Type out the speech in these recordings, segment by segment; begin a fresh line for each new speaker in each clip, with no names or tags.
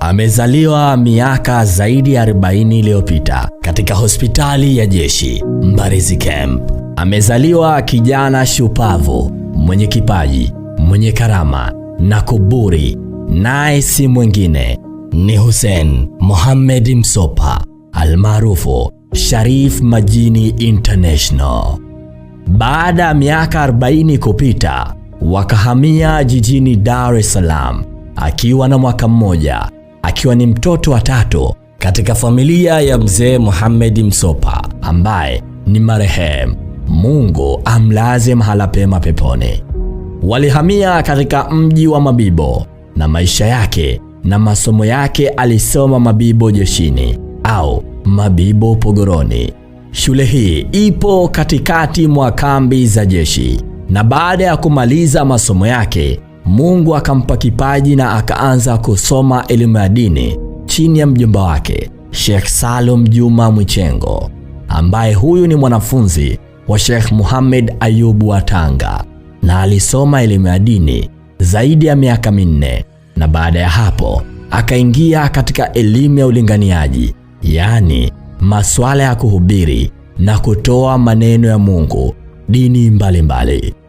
Amezaliwa miaka zaidi ya 40 iliyopita katika hospitali ya jeshi Mbarizi Camp. Amezaliwa kijana shupavu mwenye kipaji, mwenye karama na kuburi, naye si mwingine ni Hussein Mohamed Msopa almaarufu Sharif Majini International. Baada ya miaka 40 kupita, wakahamia jijini Dar es Salaam akiwa na mwaka mmoja akiwa ni mtoto wa tatu katika familia ya mzee Mohamed Msopa ambaye ni marehemu. Mungu amlaze mahala pema peponi. Walihamia katika mji wa Mabibo na maisha yake na masomo yake alisoma Mabibo Jeshini au Mabibo Pogoroni. Shule hii ipo katikati mwa kambi za jeshi, na baada ya kumaliza masomo yake Mungu akampa kipaji na akaanza kusoma elimu ya dini chini ya mjomba wake Sheikh Salum Juma Mwichengo, ambaye huyu ni mwanafunzi wa Sheikh Muhammad Ayubu wa Tanga, na alisoma elimu ya dini zaidi ya miaka minne, na baada ya hapo akaingia katika elimu ya ulinganiaji, yaani masuala ya kuhubiri na kutoa maneno ya Mungu dini mbalimbali mbali.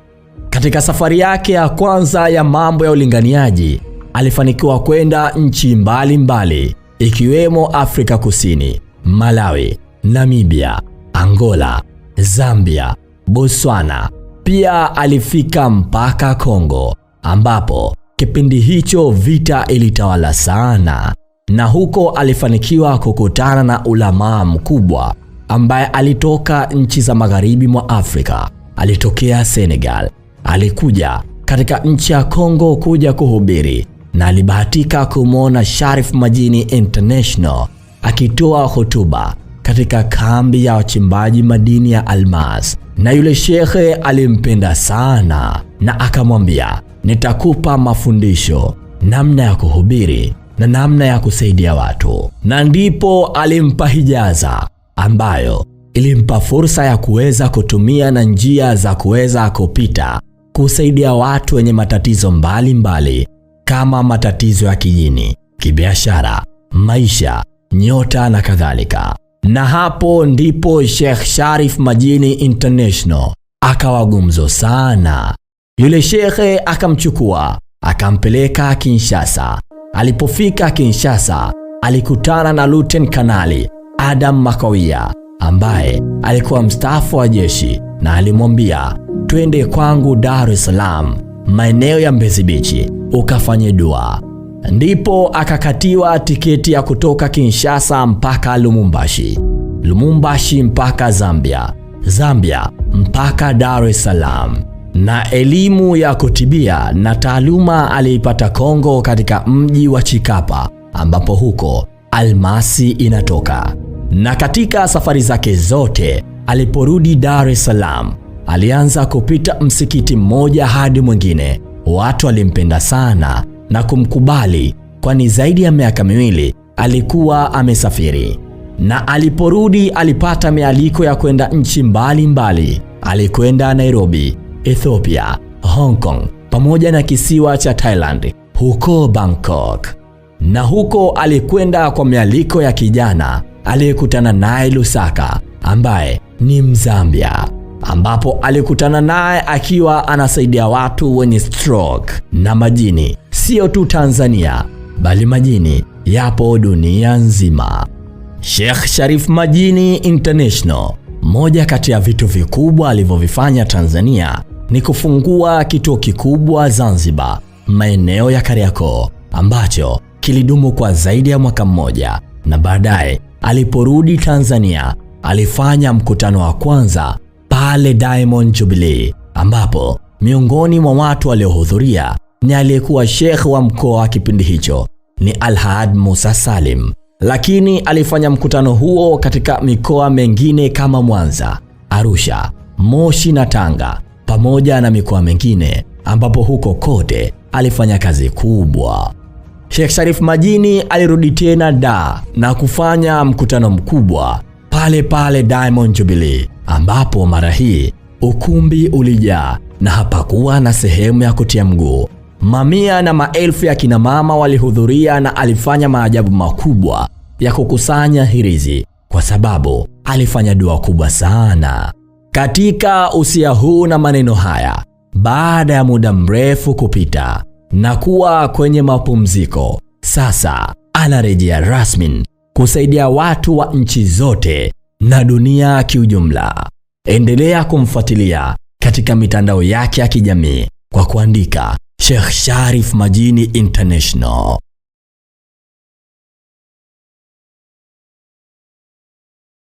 Katika safari yake ya kwanza ya mambo ya ulinganiaji, alifanikiwa kwenda nchi mbalimbali ikiwemo Afrika Kusini, Malawi, Namibia, Angola, Zambia, Botswana. Pia alifika mpaka Kongo ambapo kipindi hicho vita ilitawala sana, na huko alifanikiwa kukutana na ulamaa mkubwa ambaye alitoka nchi za magharibi mwa Afrika. Alitokea Senegal, alikuja katika nchi ya Kongo kuja kuhubiri na alibahatika kumwona Sharif Majini International akitoa hotuba katika kambi ya wachimbaji madini ya almas, na yule shekhe alimpenda sana na akamwambia, nitakupa mafundisho namna ya kuhubiri na namna ya kusaidia watu, na ndipo alimpa hijaza ambayo ilimpa fursa ya kuweza kutumia na njia za kuweza kupita kusaidia watu wenye matatizo mbalimbali mbali, kama matatizo ya kijini, kibiashara, maisha, nyota na kadhalika. Na hapo ndipo Sheikh Sharif Majini International akawa gumzo sana. Yule shekhe akamchukua akampeleka Kinshasa. Alipofika Kinshasa, alikutana na Luten Kanali Adam Makawia ambaye alikuwa mstaafu wa jeshi na alimwambia twende kwangu Dar es Salaam, maeneo ya Mbezi Beach ukafanye dua. Ndipo akakatiwa tiketi ya kutoka Kinshasa mpaka Lumumbashi, Lumumbashi mpaka Zambia, Zambia mpaka Dar es Salaam. Na elimu ya kutibia na taaluma aliipata Kongo, katika mji wa Chikapa ambapo huko almasi inatoka. Na katika safari zake zote aliporudi Dar es Salaam alianza kupita msikiti mmoja hadi mwingine. Watu walimpenda sana na kumkubali, kwani zaidi ya miaka miwili alikuwa amesafiri, na aliporudi alipata mialiko ya kwenda nchi mbalimbali. Alikwenda Nairobi, Ethiopia, Hong Kong pamoja na kisiwa cha Thailand huko Bangkok, na huko alikwenda kwa mialiko ya kijana aliyekutana naye Lusaka ambaye ni Mzambia ambapo alikutana naye akiwa anasaidia watu wenye stroke na majini, sio tu Tanzania bali majini yapo dunia nzima. Sheikh Sharif Majini International, moja kati ya vitu vikubwa alivyovifanya Tanzania ni kufungua kituo kikubwa Zanzibar, maeneo ya Kariakoo, ambacho kilidumu kwa zaidi ya mwaka mmoja, na baadaye aliporudi Tanzania alifanya mkutano wa kwanza pale Diamond Jubilee, ambapo miongoni mwa watu waliohudhuria ni aliyekuwa Sheikh wa mkoa wa kipindi hicho ni Alhad Musa Salim, lakini alifanya mkutano huo katika mikoa mengine kama Mwanza, Arusha, Moshi na Tanga pamoja na mikoa mengine ambapo huko kote alifanya kazi kubwa. Sheikh Sharif Majini alirudi tena da na kufanya mkutano mkubwa pale pale Diamond Jubilee, ambapo mara hii ukumbi ulijaa na hapakuwa na sehemu ya kutia mguu. Mamia na maelfu ya kinamama walihudhuria na alifanya maajabu makubwa ya kukusanya hirizi kwa sababu alifanya dua kubwa sana. Katika usia huu na maneno haya, baada ya muda mrefu kupita na kuwa kwenye mapumziko, sasa anarejea rasmi kusaidia watu wa nchi zote na dunia kiujumla. Endelea kumfuatilia katika mitandao yake ya kijamii kwa kuandika Sheikh Sharif Majini International.